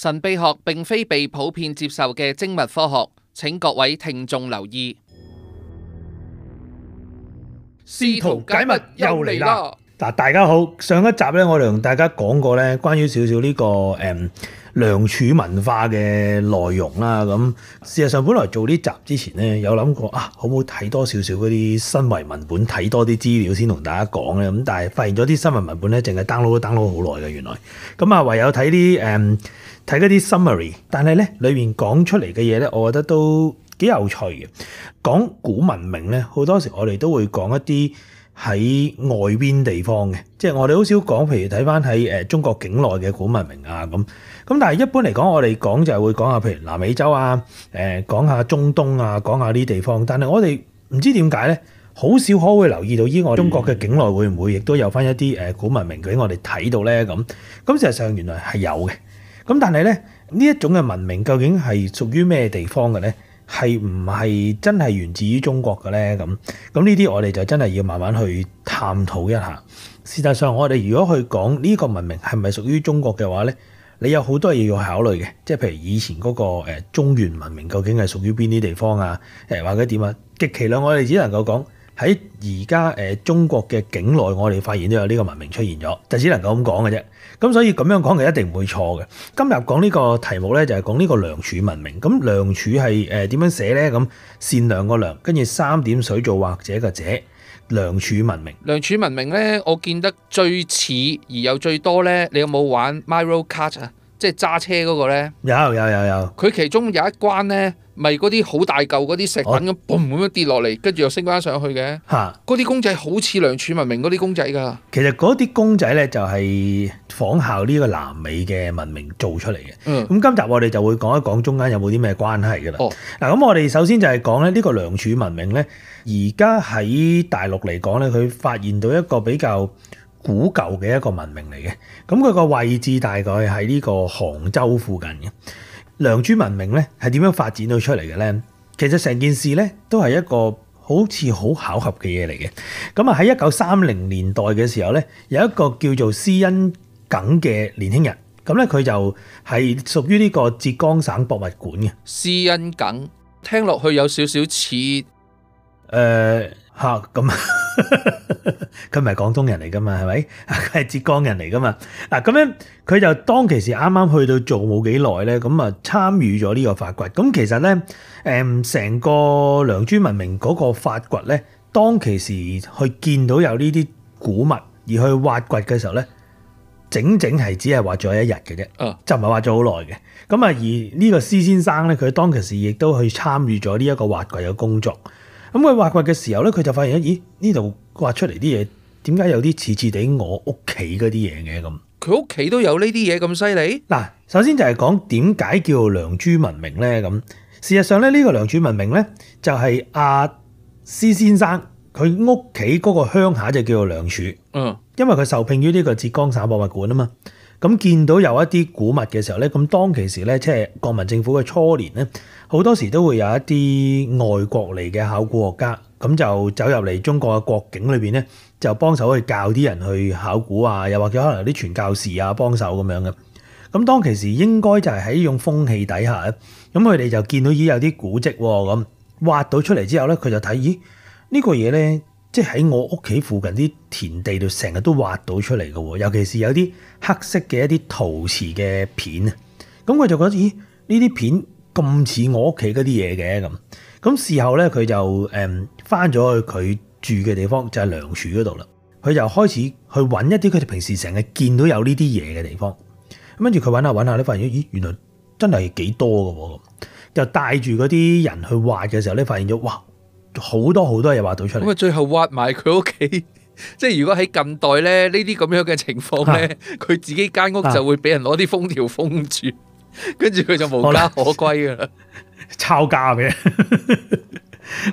神秘學並非被普遍接受嘅精密科學，請各位聽眾留意。試圖解密，又嚟啦！嗱，大家好，上一集咧，我哋同大家講過咧、這個，關於少少呢個誒良渚文化嘅內容啦。咁事實上本來做呢集之前咧，有諗過啊，好唔好睇多少少嗰啲新聞文本，睇多啲資料先同大家講咧。咁但係發現咗啲新聞文本咧，淨係 download，download 好耐嘅，原來咁啊，唯有睇啲誒。嗯睇嗰啲 summary，但係咧裏面講出嚟嘅嘢咧，我覺得都幾有趣嘅。講古文明咧，好多時我哋都會講一啲喺外邊地方嘅，即係我哋好少講。譬如睇翻喺誒中國境內嘅古文明啊咁。咁但係一般嚟講，我哋講就係會講下譬如南美洲啊，誒講下中東啊，講下呢啲地方。但係我哋唔知點解咧，好少可會留意到依我中國嘅境內會唔會亦都有翻一啲誒古文明俾我哋睇到咧咁。咁事實上原來係有嘅。咁但係咧呢一種嘅文明究竟係屬於咩地方嘅咧？係唔係真係源自於中國嘅咧？咁咁呢啲我哋就真係要慢慢去探討一下。事實上，我哋如果去講呢個文明係咪屬於中國嘅話咧，你有好多嘢要考慮嘅，即係譬如以前嗰個中原文明究竟係屬於邊啲地方啊？誒或者點啊？極其量，我哋只能夠講。喺而家誒中國嘅境內，我哋發現都有呢個文明出現咗，就只能夠咁講嘅啫。咁所以咁樣講嘅一定唔會錯嘅。今日講呢個題目呢，就係、是、講呢個良渚文明。咁良渚係誒點樣寫呢？咁善良個良，跟住三點水做畫者嘅者，良渚文明。良渚文明呢，我見得最似而又最多呢。你有冇玩 Minecraft 啊？即係揸車嗰個咧，有有有有。佢其中有一關呢，咪嗰啲好大嚿嗰啲食品咁 boom 咁樣跌落嚟，跟、哦、住又升翻上去嘅。嚇！嗰啲公仔好似良渚文明嗰啲公仔㗎。其實嗰啲公仔呢，就係仿效呢個南美嘅文明做出嚟嘅。嗯。咁今集我哋就會講一講中間有冇啲咩關係㗎啦。嗱、哦，咁我哋首先就係講咧，呢個良渚文明呢。而家喺大陸嚟講呢，佢發現到一個比較古舊嘅一個文明嚟嘅，咁佢個位置大概喺呢個杭州附近嘅。良渚文明呢，係點樣發展到出嚟嘅呢？其實成件事呢都係一個好似好巧合嘅嘢嚟嘅。咁啊喺一九三零年代嘅時候呢，有一個叫做施昕更嘅年輕人，咁呢，佢就係屬於呢個浙江省博物館嘅。施昕更聽落去有少少似誒。呃嚇咁啊！佢唔係廣東人嚟噶嘛，係咪？佢係浙江人嚟噶嘛？嗱咁樣，佢就當其時啱啱去到做冇幾耐咧，咁啊參與咗呢個發掘。咁其實咧，誒成個良渚文明嗰個發掘咧，當其時去見到有呢啲古物而去挖掘嘅時候咧，整整係只係挖咗一日嘅啫，uh. 就唔係挖咗好耐嘅。咁啊，而呢個施先生咧，佢當其時亦都去參與咗呢一個挖掘嘅工作。咁佢挖掘嘅時候咧，佢就發現咦呢度挖出嚟啲嘢點解有啲似似地我屋企嗰啲嘢嘅咁？佢屋企都有呢啲嘢咁犀利？嗱，首先就係講點解叫做良渚文明咧？咁事實上咧，呢個良渚文明咧就係阿施先生佢屋企嗰個鄉下就叫做良渚，嗯，因為佢受聘於呢個浙江省博物館啊嘛。咁見到有一啲古物嘅時候咧，咁當其時咧，即係國民政府嘅初年咧，好多時都會有一啲外國嚟嘅考古學家，咁就走入嚟中國嘅國境裏面咧，就幫手去教啲人去考古啊，又或者可能啲傳教士啊幫手咁樣嘅。咁當其時應該就係喺呢種風氣底下咧，咁佢哋就見到咦有啲古蹟喎，咁挖到出嚟之後咧，佢就睇咦、這個、呢個嘢咧。即係喺我屋企附近啲田地度，成日都挖到出嚟嘅喎，尤其是有啲黑色嘅一啲陶瓷嘅片啊，咁佢就覺得，咦？呢啲片咁似我屋企嗰啲嘢嘅咁，咁事後咧佢就返翻咗去佢住嘅地方，就係、是、良渚嗰度啦，佢就開始去揾一啲佢哋平時成日見到有呢啲嘢嘅地方，跟住佢揾下揾下咧，發現咦，原來真係幾多嘅喎，就帶住嗰啲人去挖嘅時候咧，發現咗，哇！好多好多嘢挖到出嚟，咁 啊，最後挖埋佢屋企，即係如果喺近代咧，呢啲咁樣嘅情況咧，佢自己間屋就會俾人攞啲封條封住，啊、跟住佢就無家可歸噶啦， 抄家嘅了。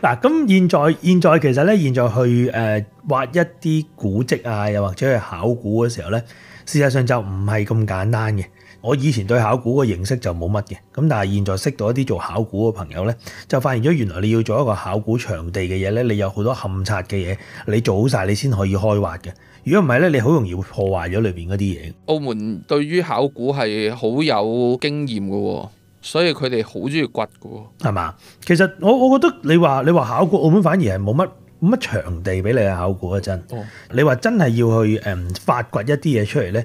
嗱，咁現在現在其實咧，現在去誒挖、呃、一啲古蹟啊，又或者去考古嘅時候咧，事實上就唔係咁簡單嘅。我以前對考古個認識就冇乜嘅，咁但係現在識到一啲做考古嘅朋友呢，就發現咗原來你要做一個考古場地嘅嘢呢，你有好多勘測嘅嘢，你做好晒你先可以開挖嘅。如果唔係呢，你好容易會破壞咗裏邊嗰啲嘢。澳門對於考古係好有經驗嘅喎，所以佢哋好中意掘嘅喎，係嘛？其實我我覺得你話你話考古澳門反而係冇乜乜場地俾你去考古一陣、哦，你話真係要去誒、嗯、發掘一啲嘢出嚟呢。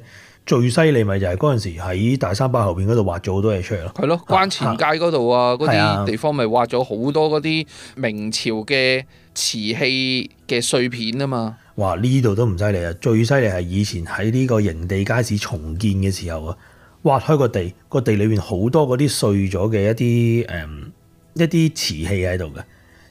最犀利咪就係嗰陣時喺大三巴後邊嗰度挖咗好多嘢出嚟咯，係咯，關前街嗰度啊，嗰、啊、啲地方咪挖咗好多嗰啲明朝嘅瓷器嘅碎片啊嘛。哇！呢度都唔犀利啊，最犀利係以前喺呢個營地街市重建嘅時候啊，挖開個地，個地裏面好多嗰啲碎咗嘅一啲誒、嗯、一啲瓷器喺度嘅，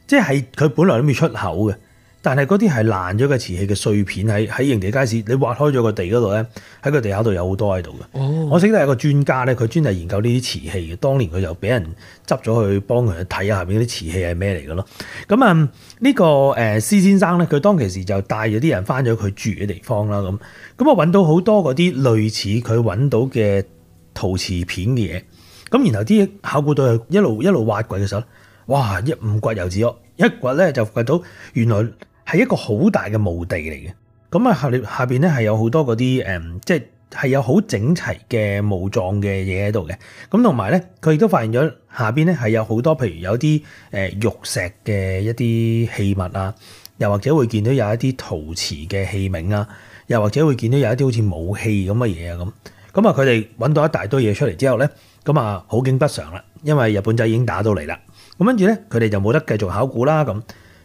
即係佢本來都未出口嘅。但係嗰啲係爛咗嘅瓷器嘅碎片喺喺營地街市，你挖開咗個地嗰度咧，喺個地下度有好多喺度嘅。我識得有個專家咧，佢專係研究呢啲瓷器嘅，當年佢就俾人執咗去幫佢睇下邊啲瓷器係咩嚟嘅咯。咁、嗯、啊，呢、呢個誒施先生咧，佢當其時就帶咗啲人翻咗佢住嘅地方啦，咁咁我揾到好多嗰啲類似佢揾到嘅陶瓷片嘅嘢，咁然後啲考古隊一路一路，一路挖掘嘅時候，哇！一唔掘又止喎，一掘咧就掘到原來。係一個好大嘅墓地嚟嘅，咁啊下下邊咧係有好多嗰啲誒，即係係有好整齊嘅墓葬嘅嘢喺度嘅，咁同埋咧佢亦都發現咗下邊咧係有好多，譬如有啲誒玉石嘅一啲器物啊，又或者會見到有一啲陶瓷嘅器皿啊，又或者會見到有一啲好似武器咁嘅嘢啊咁，咁啊佢哋揾到一大堆嘢出嚟之後咧，咁啊好景不常啦，因為日本仔已經打到嚟啦，咁跟住咧佢哋就冇得繼續考古啦咁。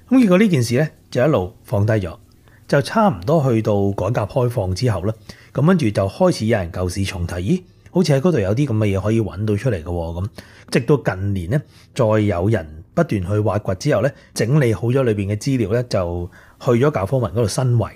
咁結果呢件事咧就一路放低咗，就差唔多去到改革開放之後咧，咁跟住就開始有人舊事重提，咦？好似喺嗰度有啲咁嘅嘢可以揾到出嚟嘅喎，咁直到近年咧，再有人不斷去挖掘之後咧，整理好咗裏面嘅資料咧，就去咗教科文嗰度申遺，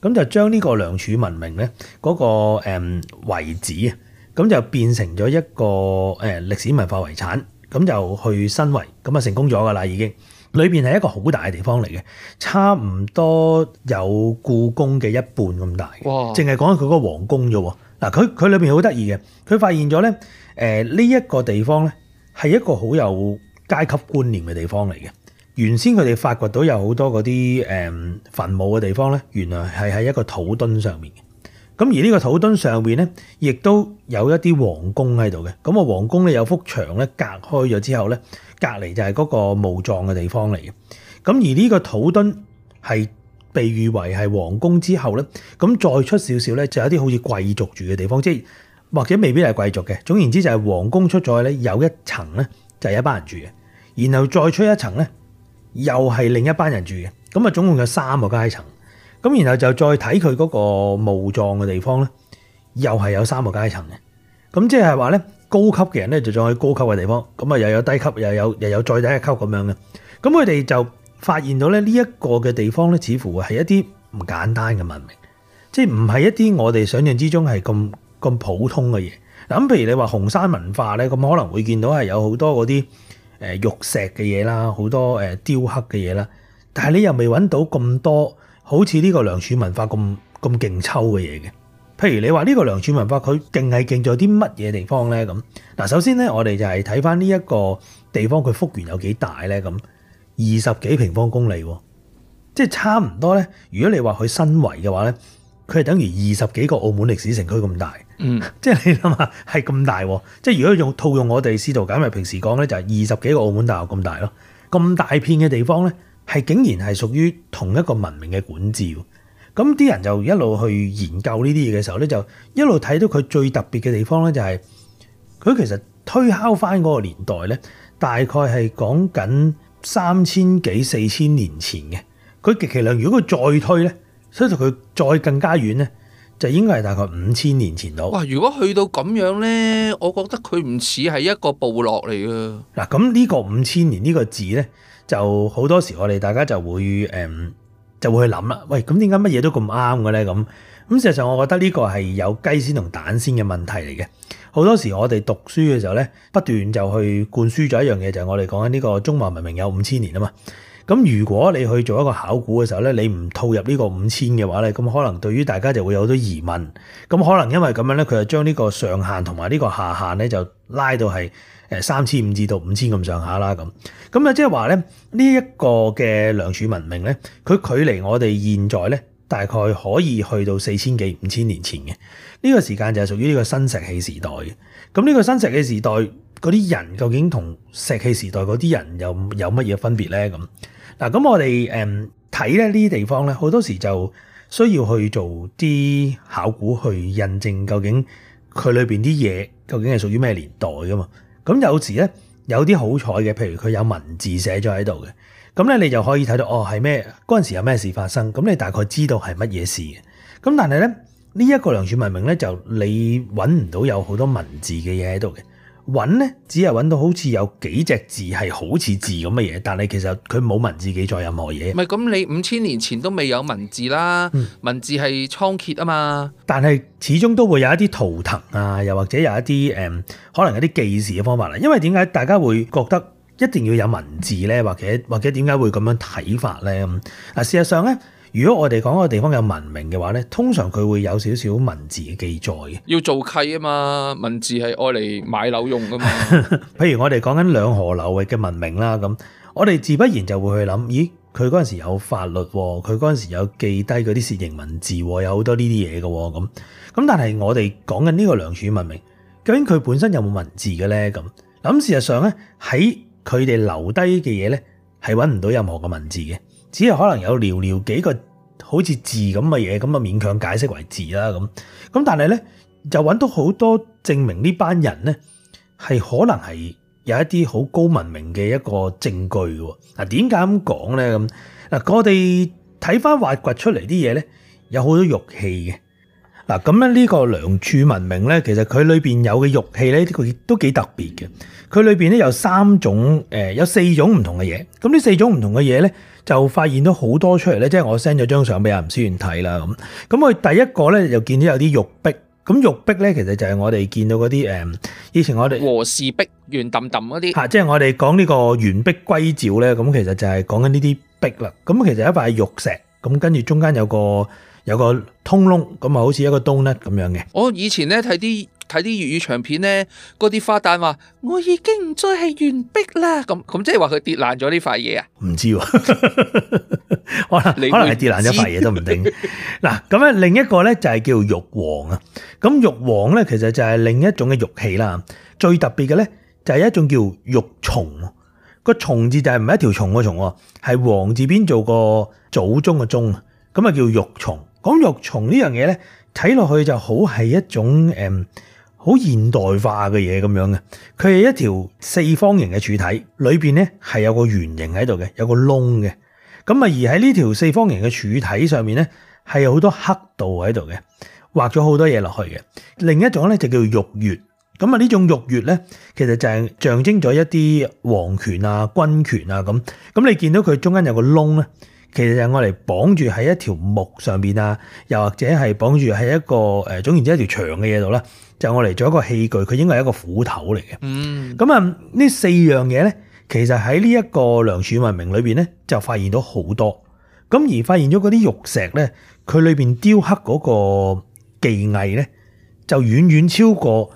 咁就將呢個良渚文明咧嗰、那個誒遺址啊，咁、嗯、就變成咗一個誒歷、嗯、史文化遺產，咁就去申遺，咁啊成功咗噶啦已經。裏邊係一個好大嘅地方嚟嘅，差唔多有故宮嘅一半咁大嘅，淨係講佢嗰個皇宮啫喎。嗱，佢佢裏邊好得意嘅，佢發現咗咧，誒呢一個地方咧係一個好有階級觀念嘅地方嚟嘅。原先佢哋發掘到有好多嗰啲誒墳墓嘅地方咧，原來係喺一個土墩上面。咁而呢個土墩上面咧，亦都有一啲王宮喺度嘅。咁個王宮咧有幅牆咧隔開咗之後咧，隔離就係嗰個墓葬嘅地方嚟嘅。咁而呢個土墩係被譽為係王宮之後咧，咁再出少少咧就有啲好似貴族住嘅地方，即係或者未必係貴族嘅。總言之就係王宮出咗去咧有一層咧就係一班人住嘅，然後再出一層咧又係另一班人住嘅。咁啊總共有三個階層。咁然後就再睇佢嗰個墓葬嘅地方咧，又係有三個階層嘅。咁即係話咧，高級嘅人咧就再去高級嘅地方，咁啊又有低級，又有又有再低一級咁樣嘅。咁佢哋就發現到咧呢一個嘅地方咧，似乎係一啲唔簡單嘅文明，即係唔係一啲我哋想象之中係咁咁普通嘅嘢。嗱咁譬如你話紅山文化咧，咁可能會見到係有好多嗰啲誒玉石嘅嘢啦，好多誒雕刻嘅嘢啦，但係你又未揾到咁多。好似呢個良渚文化咁咁勁抽嘅嘢嘅，譬如你話呢個良渚文化佢勁係勁在啲乜嘢地方呢？咁嗱，首先呢，我哋就係睇翻呢一個地方佢幅員有幾大呢？咁二十幾平方公里，即係差唔多呢。如果你身話佢新圍嘅話呢，佢係等於二十幾個澳門歷史城區咁大，嗯，即係你諗下係咁大，即係如果用套用我哋司徒劍僑平時講呢，就係二十幾個澳門大學咁大咯，咁大片嘅地方呢。係竟然係屬於同一個文明嘅管治，咁啲人就一路去研究呢啲嘢嘅時候咧，就一路睇到佢最特別嘅地方咧，就係佢其實推敲翻嗰個年代咧，大概係講緊三千幾四千年前嘅。佢極其量如果佢再推咧，所以佢再更加遠咧，就應該係大概五千年前度。哇！如果去到咁樣咧，我覺得佢唔似係一個部落嚟嘅。嗱，咁呢個五千年呢個字咧？就好多時我哋大家就會誒、嗯，就會去諗啦。喂，咁點解乜嘢都咁啱嘅咧？咁咁事實上，我覺得呢個係有雞先同蛋先嘅問題嚟嘅。好多時我哋讀書嘅時候咧，不斷就去灌輸咗一樣嘢，就係、是、我哋講緊呢個中華文明有五千年啊嘛。咁如果你去做一個考古嘅時候咧，你唔套入呢個五千嘅話咧，咁可能對於大家就會有好多疑問。咁可能因為咁樣咧，佢就將呢個上限同埋呢個下限咧，就拉到係誒三千五至到五千咁上下啦。咁咁啊，即係話咧，呢一個嘅良渚文明咧，佢距離我哋現在咧，大概可以去到四千幾五千年前嘅。呢、這個時間就係屬於呢個新石器時代嘅。咁、這、呢個新石器時代嗰啲人究竟同石器時代嗰啲人又有乜嘢分別咧？咁？嗱，咁我哋誒睇咧呢啲地方咧，好多時就需要去做啲考古去印證，究竟佢裏面啲嘢究竟係屬於咩年代噶嘛？咁有時咧，有啲好彩嘅，譬如佢有文字寫咗喺度嘅，咁咧你就可以睇到哦，係咩嗰陣時有咩事發生，咁你大概知道係乜嘢事嘅。咁但係咧，呢一個良渚文明咧，就你揾唔到有好多文字嘅嘢喺度嘅。揾呢，只係揾到好似有幾隻字係好似字咁嘅嘢，但係其實佢冇文字記載任何嘢。唔係咁，你五千年前都未有文字啦，文字係倉頡啊嘛。但係始終都會有一啲圖騰啊，又或者有一啲誒，可能一啲記事嘅方法啦。因為點解大家會覺得一定要有文字呢？或者或者點解會咁樣睇法呢？事實上呢。如果我哋講個地方有文明嘅話呢，通常佢會有少少文字嘅記載嘅。要做契啊嘛，文字係愛嚟買樓用噶嘛。譬 如我哋講緊兩河流域嘅文明啦，咁我哋自不然就會去諗，咦，佢嗰陣時有法律，佢嗰陣時有記低嗰啲楔形文字，有好多呢啲嘢嘅，咁咁但係我哋講緊呢個良渚文明，究竟佢本身有冇文字嘅呢？咁咁事實上呢，喺佢哋留低嘅嘢呢，係揾唔到任何嘅文字嘅。只係可能有寥寥幾個好似字咁嘅嘢，咁啊勉強解釋為字啦咁。咁但係咧，就揾到好多證明呢班人咧係可能係有一啲好高文明嘅一個證據喎。嗱，點解咁講咧？咁嗱，我哋睇返挖掘出嚟啲嘢咧，有好多玉器嘅。嗱咁咧，呢個良渚文明咧，其實佢裏面有嘅玉器咧，佢都幾特別嘅。佢裏面咧有三種，誒有四種唔同嘅嘢。咁呢四種唔同嘅嘢咧，就發現到好多出嚟咧，即係我 send 咗張相俾阿吳思遠睇啦。咁咁我第一個咧就見到有啲玉璧。咁玉璧咧，其實就係我哋見到嗰啲誒，以前我哋和氏璧圓揼揼嗰啲。嚇！即係我哋講呢個圓璧歸趙咧，咁其實就係講緊呢啲璧啦。咁其實一塊玉石，咁跟住中間有個。有個通窿，咁啊好似一個窿咧咁樣嘅。我、哦、以前咧睇啲睇啲粵語長片咧，嗰啲花旦話我已經唔再係完璧啦，咁咁即係話佢跌爛咗呢塊嘢啊？唔 知、啊，可能可能係跌爛咗塊嘢都唔定。嗱， 咁咧另一個咧就係、是、叫玉皇啊。咁玉皇咧其實就係另一種嘅玉器啦。最特別嘅咧就係、是、一種叫玉琮、那個琮字就係唔係一條蟲個蟲，係王字邊做個祖宗嘅宗啊，咁啊叫玉琮。講玉琮呢樣嘢咧，睇落去就好係一種誒好現代化嘅嘢咁樣嘅。佢係一條四方形嘅柱體，裏面咧係有個圓形喺度嘅，有個窿嘅。咁啊，而喺呢條四方形嘅柱體上面咧，係有好多刻度喺度嘅，畫咗好多嘢落去嘅。另一種咧就叫玉鉞。咁啊，呢種玉鉞咧，其實就係象徵咗一啲皇權啊、軍權啊咁。咁你見到佢中間有個窿咧？其實就係我嚟綁住喺一條木上面啊，又或者係綁住喺一個誒總言之一條長嘅嘢度啦，就我嚟做一個器具，佢應該係一個斧頭嚟嘅。嗯，咁啊呢四樣嘢咧，其實喺呢一個良渚文明裏面咧，就發現到好多。咁而發現咗嗰啲玉石咧，佢裏面雕刻嗰個技藝咧，就遠遠超過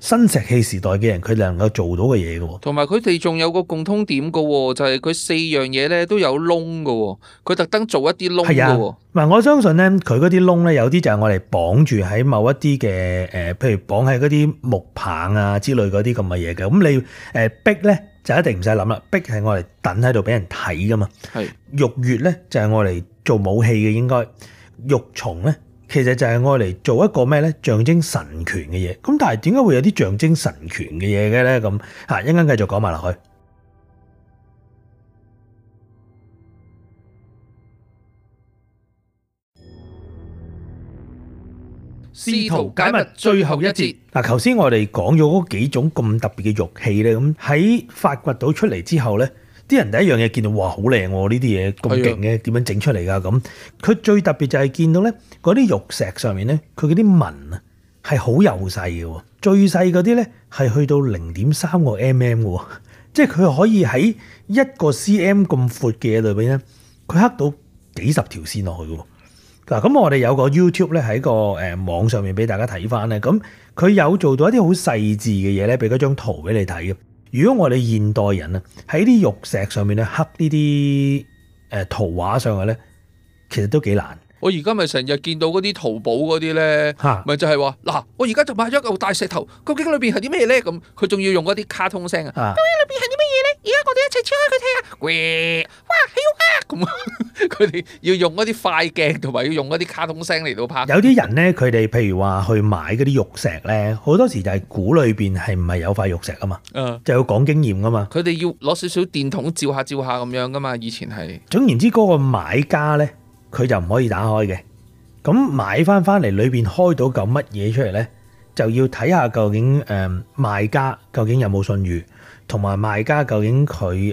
新石器時代嘅人佢哋能夠做到嘅嘢嘅喎，同埋佢哋仲有個共通點嘅喎，就係佢四樣嘢咧都有窿㗎喎，佢特登做一啲窿嘅喎。係啊，嗱，我相信咧，佢嗰啲窿咧有啲就係我哋綁住喺某一啲嘅誒，譬如綁喺嗰啲木棒啊之類嗰啲咁嘅嘢嘅。咁你璧咧就一定唔使諗啦，璧係我哋等喺度俾人睇㗎嘛。係。玉鉞咧就係我哋做武器嘅應該，玉琮咧。其實就係用嚟做一個咩咧，象徵神權嘅嘢。咁但係點解會有啲象徵神權嘅嘢嘅咧？咁吓一陣間繼續講埋落去。試圖解密最後一節。嗱，頭先我哋講咗嗰幾種咁特別嘅玉器咧，咁喺發掘到出嚟之後咧。啲人第一樣嘢見到哇好靚喎，呢啲嘢咁勁嘅，點樣整出嚟㗎咁？佢最特別就係見到咧，嗰啲玉石上面咧，佢嗰啲紋啊係好幼細嘅喎，最細嗰啲咧係去到零點三個 mm 嘅喎，即係佢可以喺一個 cm 咁闊嘅裏面咧，佢刻到幾十條線落去嘅喎。嗱咁我哋有個 YouTube 咧喺個誒網上面俾大家睇翻咧，咁佢有做到一啲好細緻嘅嘢咧，俾嗰張圖俾你睇嘅。如果我哋現代人啊，喺啲玉石上面咧刻呢啲誒圖畫上去咧，其實都幾難。我而家咪成日見到嗰啲淘寶嗰啲咧，咪就係、吓、話，嗱、啊，我而家就買咗嚿大石頭，究竟裏邊係啲咩咧？咁佢仲要用嗰啲卡通聲啊，而家我哋一齊吹佢聽啊！哇！咁佢哋要用嗰啲快鏡同埋要用嗰啲卡通聲嚟到拍有些。有啲人咧，佢哋譬如話去買嗰啲玉石咧，好多時就係估裏邊係唔係有塊玉石啊嘛、嗯？就要講經驗噶嘛。佢哋要攞少少電筒照下照下咁樣噶嘛。以前係總言之，嗰、那個買家咧，佢就唔可以打開嘅。咁買翻翻嚟裏邊開到嚿乜嘢出嚟咧，就要睇下究竟誒、嗯、賣家究竟有冇信譽。同埋賣家究竟佢誒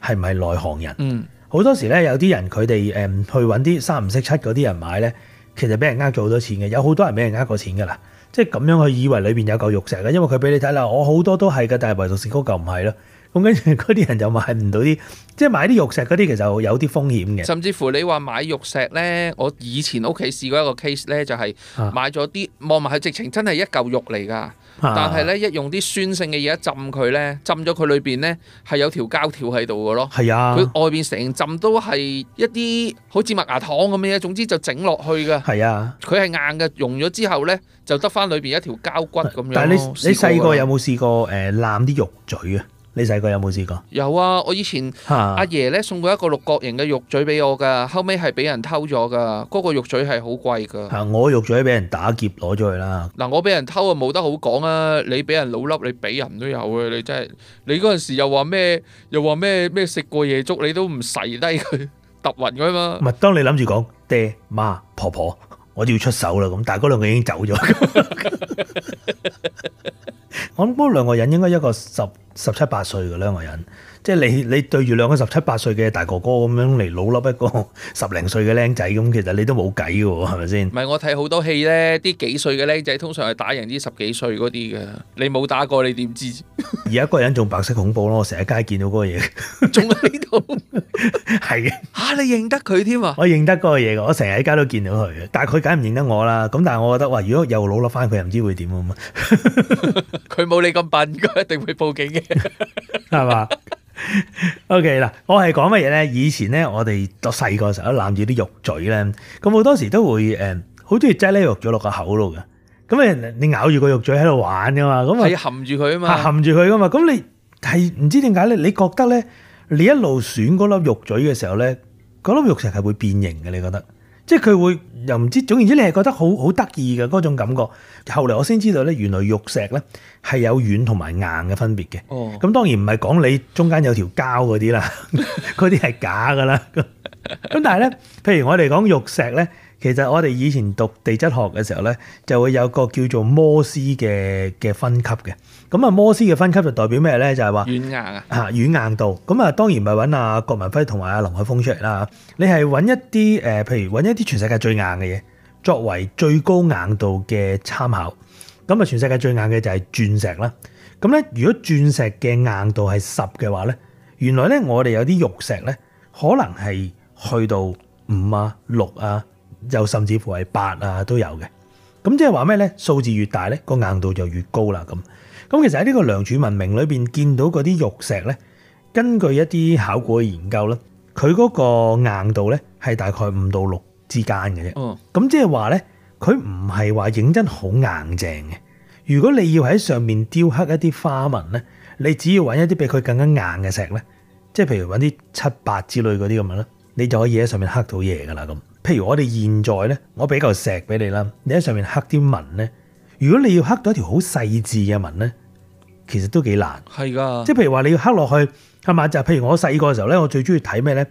係唔係內行人？嗯，好多時咧，有啲人佢哋誒去揾啲三唔識七嗰啲人買咧，其實俾人呃咗好多錢嘅。有好多人俾人呃過錢噶啦，即係咁樣去以為裏邊有嚿玉石嘅，因為佢俾你睇啦。我好多都係噶，但係唯獨是嗰嚿唔係咯。咁跟住嗰啲人就買唔到啲，即係買啲玉石嗰啲，其實有啲風險嘅。甚至乎你話買玉石咧，我以前屋企試過一個 case 咧，就係買咗啲望埋係直情真係一嚿肉嚟㗎。但係咧，一用啲酸性嘅嘢一浸佢咧，浸咗佢裏面咧係有條膠條喺度嘅咯。係啊，佢外面成浸都係一啲好似麥芽糖咁嘅嘢，總之就整落去㗎。係啊，佢係硬嘅，溶咗之後咧就得翻裏面一條膠骨咁樣。但係你你細個有冇試過誒攬啲、呃、肉嘴啊？你細個有冇試過？有啊，我以前阿爺咧送過一個六角形嘅玉嘴俾我噶，後尾係俾人偷咗噶。嗰個玉嘴係好貴噶。啊，我玉嘴俾人打劫攞咗去啦。嗱，我俾人偷啊冇得好講啊。你俾人老笠，你俾人都有嘅。你真係你嗰陣時又話咩？又話咩咩食過夜粥，你都唔洗低佢揼暈佢嘛？唔係，當你諗住講爹媽婆婆，我都要出手啦咁，但係嗰兩個已經走咗。咁兩個人應該一個十十七八歲嘅兩個人。即係你你對住兩個十七八歲嘅大哥哥咁樣嚟老笠一個十零歲嘅僆仔咁，其實你都冇計嘅，係咪先？唔係，我睇好多戲呢，啲幾歲嘅僆仔通常係打贏啲十幾歲嗰啲嘅。你冇打過你點知？而家嗰人仲白色恐怖咯，我成日街見到嗰個嘢。仲喺呢度，係 嘅、啊。你認得佢添啊？我認得嗰個嘢，我成日喺街都見到佢，但係佢梗唔認得我啦。咁但係我覺得哇，如果又老笠翻，佢又唔知會點啊嘛。佢 冇你咁笨，佢一定會報警嘅，係 嘛？ O.K. 嗱，我係講乜嘢咧？以前咧，我哋個細個時候都攬住啲肉嘴咧，咁好多時都會誒，好中意擠咧肉嘴落個口度噶。咁你你咬住個肉嘴喺度玩噶嘛？咁你含住佢啊嘛，含住佢噶嘛。咁你係唔知點解咧？你覺得咧，你一路選嗰粒肉嘴嘅時候咧，嗰粒肉石係會變形嘅？你覺得？即係佢會又唔知，總言之，你係覺得好好得意嘅嗰種感覺。後來我先知道咧，原來玉石咧係有軟同埋硬嘅分別嘅。哦，咁當然唔係講你中間有條膠嗰啲啦，嗰啲係假㗎啦。咁 咁但係咧，譬如我哋講玉石咧。其實我哋以前讀地質學嘅時候咧，就會有個叫做摩斯嘅嘅分級嘅。咁啊，摩斯嘅分級就代表咩咧？就係、是、話軟硬啊，嚇、啊、軟硬度。咁啊，當然唔係揾阿葛民輝同埋阿林海峰出嚟啦。你係揾一啲誒，譬如揾一啲全世界最硬嘅嘢作為最高硬度嘅參考。咁啊，全世界最硬嘅就係鑽石啦。咁咧，如果鑽石嘅硬度係十嘅話咧，原來咧我哋有啲玉石咧可能係去到五啊、六啊。就甚至乎係八啊都有嘅，咁即係話咩咧？數字越大咧，個硬度就越高啦咁。咁其實喺呢個良渚文明裏面，見到嗰啲玉石咧，根據一啲考古嘅研究咧，佢嗰個硬度咧係大概五到六之間嘅啫。咁、哦、即係話咧，佢唔係話認真好硬淨嘅。如果你要喺上面雕刻一啲花紋咧，你只要揾一啲比佢更加硬嘅石咧，即係譬如揾啲七八之類嗰啲咁樣咧，你就可以喺上面刻到嘢噶啦咁。譬如我哋現在咧，我俾嚿石俾你啦，你喺上面刻啲紋咧。如果你要刻到一條好細緻嘅紋咧，其實都幾難。係噶，即係譬如話你要刻落去係嘛？就譬如我細個嘅時候咧，我最中意睇咩咧？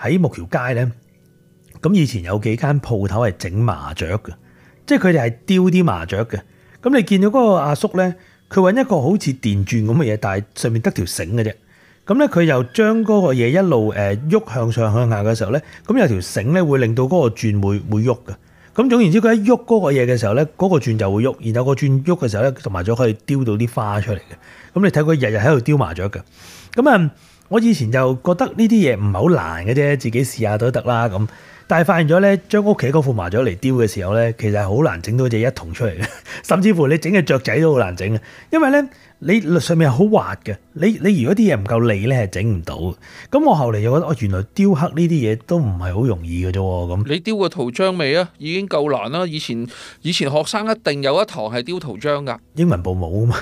喺木橋街咧，咁以前有幾間鋪頭係整麻雀嘅，即係佢哋係雕啲麻雀嘅。咁你見到嗰個阿叔咧，佢搵一個好似電鑽咁嘅嘢，但係上面得條繩嘅啫。咁咧，佢又將嗰個嘢一路誒喐向上向下嘅時候咧，咁有條繩咧會令到嗰個轉會喐嘅。咁總言之，佢一喐嗰個嘢嘅時候咧，嗰、嗰個轉就會喐。然後個轉喐嘅時候咧，麻雀可以雕到啲花出嚟嘅。咁你睇佢日日喺度雕麻雀嘅。咁、嗯、啊，我以前就覺得呢啲嘢唔係好難嘅啫，自己試下都得啦咁。但係發現咗咧，將屋企嗰副麻雀嚟雕嘅時候咧，其實好難整到隻一筒出嚟，甚至乎你整嘅雀仔都好難整，因為咧，你上面係好滑嘅，你你如果啲嘢唔夠利呢，係整唔到。咁我後嚟又覺得，哦，原來雕刻呢啲嘢都唔係好容易嘅啫。咁你雕個圖章未啊？已經夠難啦。以前以前學生一定有一堂係雕圖章噶。英文部冇啊嘛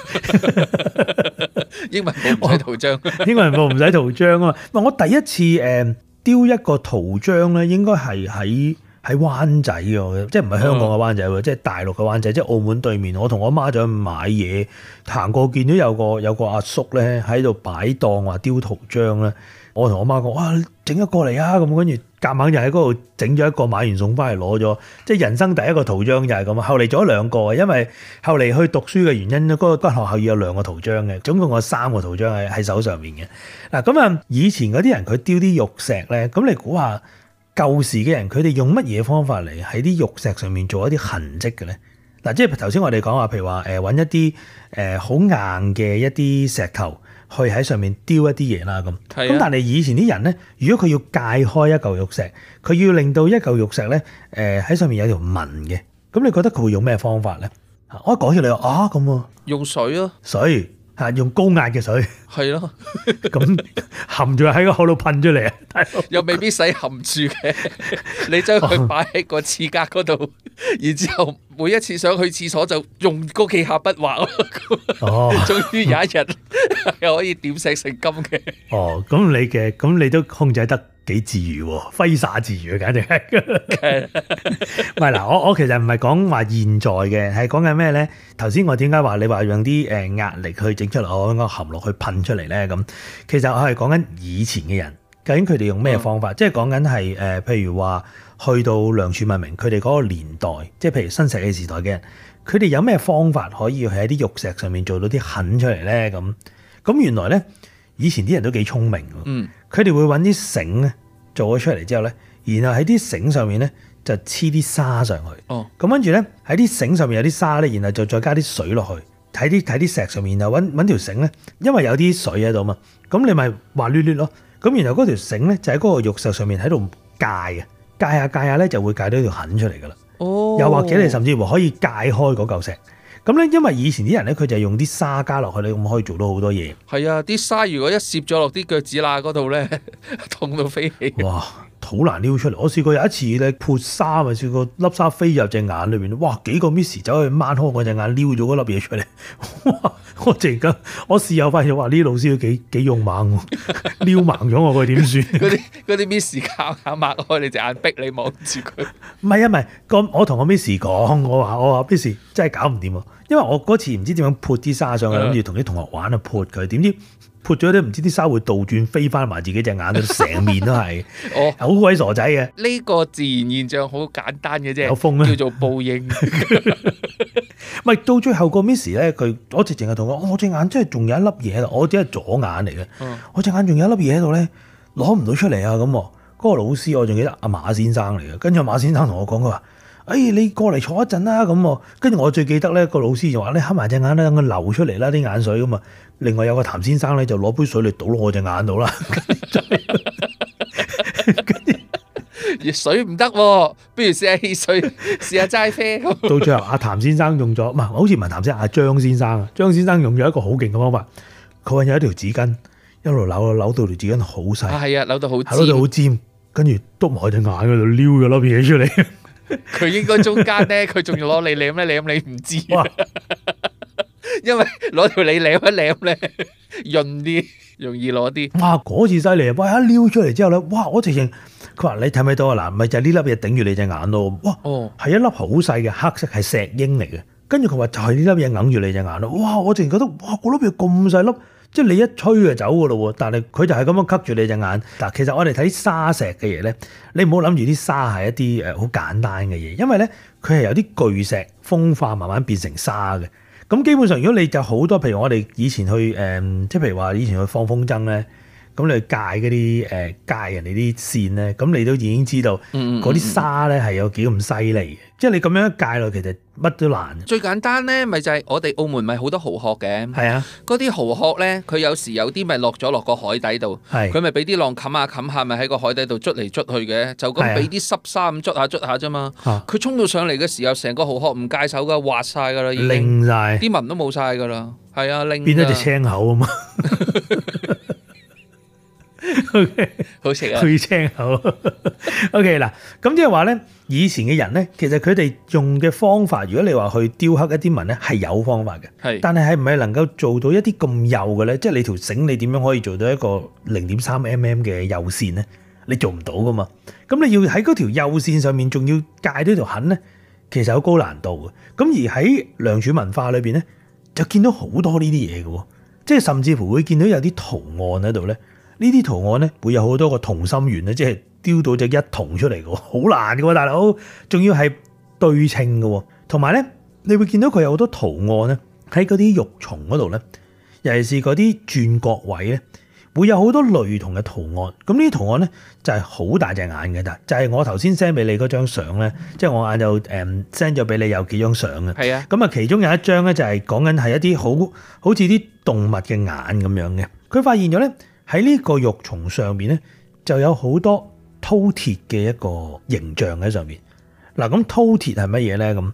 英文部唔使圖章 。英文部唔使圖章。英文部唔使圖章啊嘛。我第一次誒雕一個圖章呢，應該係喺，喺灣仔嘅，即係唔係香港嘅灣仔喎、嗯，即係大陸嘅灣仔，即係澳門對面。我同我媽就去買嘢，行過見到有個有個阿叔咧喺度擺檔，話雕圖章咧。我同我媽講：哇，整一個嚟啊！咁跟住夾硬就喺嗰度整咗一個，買完送翻嚟攞咗，即係人生第一個圖章就係咁啊。後嚟做咗兩個，因為後嚟去讀書嘅原因，嗰、嗰個間學校要有兩個圖章嘅，總共有三個圖章喺喺手上面嘅。嗱咁啊，以前嗰啲人佢雕啲玉石咧，咁你估下？舊時嘅人，佢哋用乜嘢方法嚟喺啲玉石上面做一啲痕跡嘅咧？嗱，即係頭先我哋講話，譬如話誒揾一啲誒好硬嘅一啲石頭，去喺上面雕一啲嘢啦咁。咁、啊、但係以前啲人咧，如果佢要界開一嚿玉石，佢要令到一嚿玉石咧誒喺上面有條紋嘅，咁你覺得佢會用咩方法咧？我一講起你話啊咁喎、啊，用水咯、啊，水。啊！用高壓嘅水，係咯，咁含住喺個口度噴出嚟啊！又未必使含住嘅，你將佢擺喺個廁格嗰度，然之後每一次想去廁所就用嗰幾下筆畫，哦，終於有一日又可以點石成金嘅。哦，咁你嘅，咁你都控制得幾自如喎，揮灑自如，簡直係。係 嗱？我我其實唔係講話現在嘅，係講緊咩咧？頭先我點解話你話用啲誒壓力去整出嚟，我揾個含落去噴出嚟咧咁？其實我係講緊以前嘅人，究竟佢哋用咩方法，嗯、即係講緊係誒，譬如話去到良渚文明，佢哋嗰個年代，即係譬如新石器時代嘅人，佢哋有咩方法可以喺啲玉石上面做到啲痕出嚟咧？咁咁原來咧。以前啲人都幾聰明的，嗯，佢哋會揾啲繩咧做咗出嚟之後咧，然後喺啲繩上面咧就黐啲沙上去，哦，咁跟住咧喺啲繩上面有啲沙咧，然後就再加啲水落去，睇啲睇啲石上面，然後揾揾條繩咧，因為有啲水喺度啊嘛，咁你咪滑捋捋咯，咁然後嗰條繩咧就喺嗰個玉石上面喺度解嘅，解下解下咧就會解到條痕出嚟噶啦，哦，又或者你甚至乎可以解開嗰嚿石。咁咧，因為以前啲人咧，佢就係用啲沙加落去，你咁可以做到好多嘢。係啊，啲沙如果一攝咗落啲腳趾罅嗰度咧， 痛到飛起。哇！好難撩出嚟。我試過有一次咧，潑沙咪試過粒沙飛入隻眼裏邊。哇！幾個 miss 走去掹開我隻眼，撩咗嗰粒嘢出嚟。哇！我突然間，我事後發現話，呢啲老師都幾幾勇猛喎。 撩盲咗我，佢點算？嗰啲啲 miss 搞硬抹開你隻眼，逼你望住佢。唔係啊，唔係個我同我 miss 講，我話我話 miss 真係搞唔掂。啊，因為我嗰次唔知點樣潑啲沙上去，諗住同啲同學玩啊，潑佢，點知？潑咗啲唔知啲沙會倒轉飛翻埋自己隻眼度，成面都係，好 鬼、哦、傻仔嘅。呢、呢個自然現象好簡單嘅啫，有風、啊、叫做報應 咪到最後個 miss 咧，佢我直情係同我，我隻眼真係仲有一粒嘢喺度，我只係左眼嚟嘅，我隻眼仲有一粒嘢喺度咧，攞唔到出嚟啊！咁，嗰個老師我仲記得阿馬先生嚟嘅，跟住馬先生同我講佢話。哎，你過嚟坐一陣啦，咁喎。跟住我最記得咧，個老師就話你瞌埋隻眼咧，等佢流出嚟啦啲眼水咁啊。另外有個譚先生咧，就攞杯水嚟倒落我隻眼度啦。熱 水唔得、啊，不如試下汽水，試下齋啡。 到最後，阿譚先生用咗，唔係，好似唔係譚先生，阿張先生啊，張先生，張先生用咗一個好勁嘅方法。佢揾有一條紙巾，一路扭扭到條紙巾好細，係啊，扭到好好尖，跟住篤埋我隻眼嗰度，撩咗粒嘢出嚟。佢應該中間咧，佢仲要攞你舐咧舐你唔知，因為攞條你舐一舐咧潤啲，容易攞啲。哇，嗰次犀利啊！喂，一撩出嚟之後咧，哇，我直情佢話你睇唔睇到啊？嗱，咪就係呢粒嘢頂住你隻眼咯。哇，哦，係一粒好細嘅黑色，係石英嚟嘅。跟住佢話就係呢粒嘢揞住你隻眼咯。哇，我直情覺得哇，個粒嘢咁細粒。即係你一吹就走㗎咯喎，但係佢就係咁樣吸住你隻眼。嗱，其實我哋睇沙石嘅嘢咧，你唔好諗住啲沙係一啲誒好簡單嘅嘢，因為咧佢係由啲巨石風化慢慢變成沙嘅。咁基本上如果你就好多，譬如我哋以前去誒，即、嗯、係譬如話以前去放風箏咧。咁你去戒嗰啲誒戒人哋啲線咧，咁你都已經知道嗰啲沙咧係有幾咁犀利。即係你咁樣戒落，其實乜都難。最簡單咧，咪就係、是、我哋澳門咪好多蠔殼嘅，係啊，嗰啲蠔殼咧，佢有時有啲咪落咗落個海底度，佢咪俾啲浪冚下冚下，咪喺個海底度捽嚟捽去嘅，就咁俾啲濕沙咁捽下捽下啫嘛，佢、啊、衝到上嚟嘅時候，成個蠔殼唔戒手噶，滑曬噶啦，拎晒。啲紋都冇晒噶啦，係啊，拎。變咗隻青口啊嘛～ O、okay, K，好食啊！最青口 O K 嗱，咁即係話咧，以前嘅人咧，其實佢哋用嘅方法，如果你話去雕刻一啲紋咧，係有方法嘅，係，但係係唔係能夠做到一啲咁幼嘅咧？即係你條繩你點樣可以做到一個零點三 M M 嘅幼線咧？你做唔到噶嘛？咁你要喺嗰條幼線上面，仲要界到條痕咧，其實有高難度嘅。咁而喺良渚文化裏邊咧，就見到好多呢啲嘢嘅，即係甚至乎會見到有啲圖案喺度咧。呢啲圖案咧會有好多個同心圓咧，即係丟到只一同出嚟嘅，好難嘅，大佬，仲、哦、要係對稱嘅，同埋咧，你會見到佢有好多圖案咧，喺嗰啲玉琮嗰度咧，尤其是嗰啲轉角位咧，會有好多雷同嘅圖案。咁呢啲圖案咧就係好大隻眼嘅，咋，就係、是、我頭先 send 俾你嗰張相咧，即、就、係、是、我眼就誒 send 咗俾你有幾張相嘅，係啊，咁啊其中有一張咧就係講緊係一啲好好似啲動物嘅眼咁樣嘅，佢發現咗咧。喺呢個玉琮上面咧，就有好多饕餮嘅一個形象喺上面。嗱，咁饕餮係乜嘢咧？咁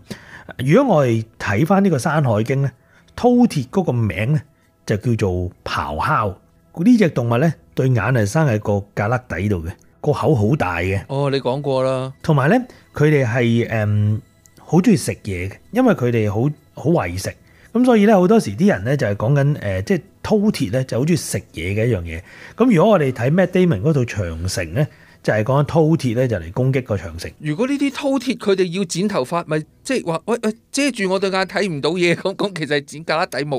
如果我哋睇返呢個《山海經》咧，饕餮嗰個名咧就叫做狍鴞。呢隻動物咧，對眼係生喺個胳肋底度嘅，個口好大嘅。哦，你講過啦。同埋咧，佢哋係誒好中意食嘢嘅，因為佢哋好好為食。咁所以咧，好多時啲人咧就係講緊誒，即、呃、係。饕餮咧就好中意食嘢嘅一樣嘢，咁如果我哋睇 Matt Damon 嗰套《長城》咧，就是、就係講緊饕餮咧就嚟攻擊個長城。如果呢啲饕餮佢哋要剪頭髮，咪即係話喂，喂，遮住我對眼睇唔到嘢咁，咁其實係剪格仔底毛。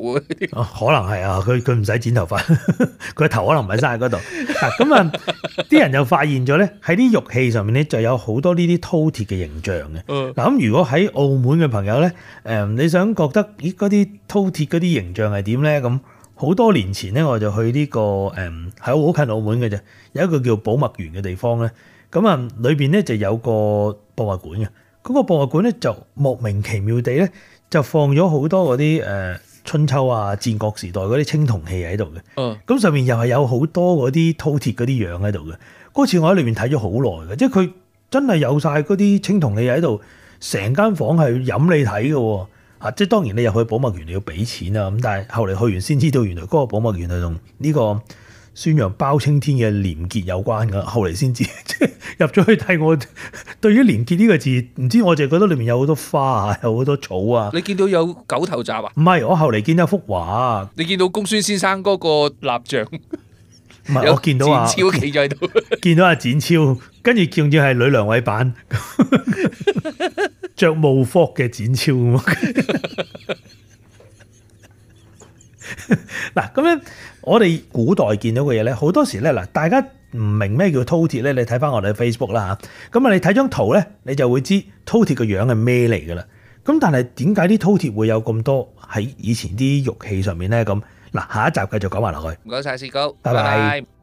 啊，可能係啊，佢佢唔使剪頭髮，佢 頭可能唔係生喺嗰度。咁 啊，啲人就發現咗咧，喺啲玉器上面咧就有好多呢啲饕餮嘅形象嘅。嗱，嗯，咁，啊、如果喺澳門嘅朋友咧，嗯，你想覺得咦嗰啲饕餮嗰啲形象係點咧咁？好多年前咧，我就去呢、這個誒，係、嗯、好近澳門嘅啫，有一個叫寶墨園嘅地方咧。咁啊，裏邊咧就有個博物館嘅，嗰、那個博物館咧就莫名其妙地咧就放咗好多嗰啲誒春秋啊、戰國時代嗰啲青銅器喺度嘅。咁、嗯、上面又係有好多嗰啲饕餮嗰啲樣喺度嘅。嗰次我喺裏面睇咗好耐嘅，即係佢真係有晒嗰啲青銅器喺度，成間房係飲你睇嘅。即係當然你，你入去寶墨園你要俾錢啊！咁但係後嚟去完先知，知道，原來嗰個寶墨園係同呢個孫楊包青天嘅廉潔有關嘅。後嚟先知，入咗去睇，我。對於廉潔呢個字，唔知我淨係覺得裏面有好多花啊，有好多草啊。你見到有狗頭鍘啊？唔係，我後嚟見到一幅畫。你見到公孫先生嗰個立像？唔係，我見到啊。展超企咗喺度，見到阿、啊、展超，跟住仲要係呂良偉版。 着冇霍嘅展超。嗱，咁樣我哋古代見到嘅嘢咧，好多時咧嗱，大家唔明咩叫饕餮咧，你睇翻我哋 Facebook 啦嚇，咁啊你睇張圖咧，你就會知饕餮個樣係咩嚟噶啦，咁但係點解啲饕餮會有咁多喺以前啲玉器上面咧？咁嗱，下一集繼續講埋落去。唔該晒，士哥，拜拜。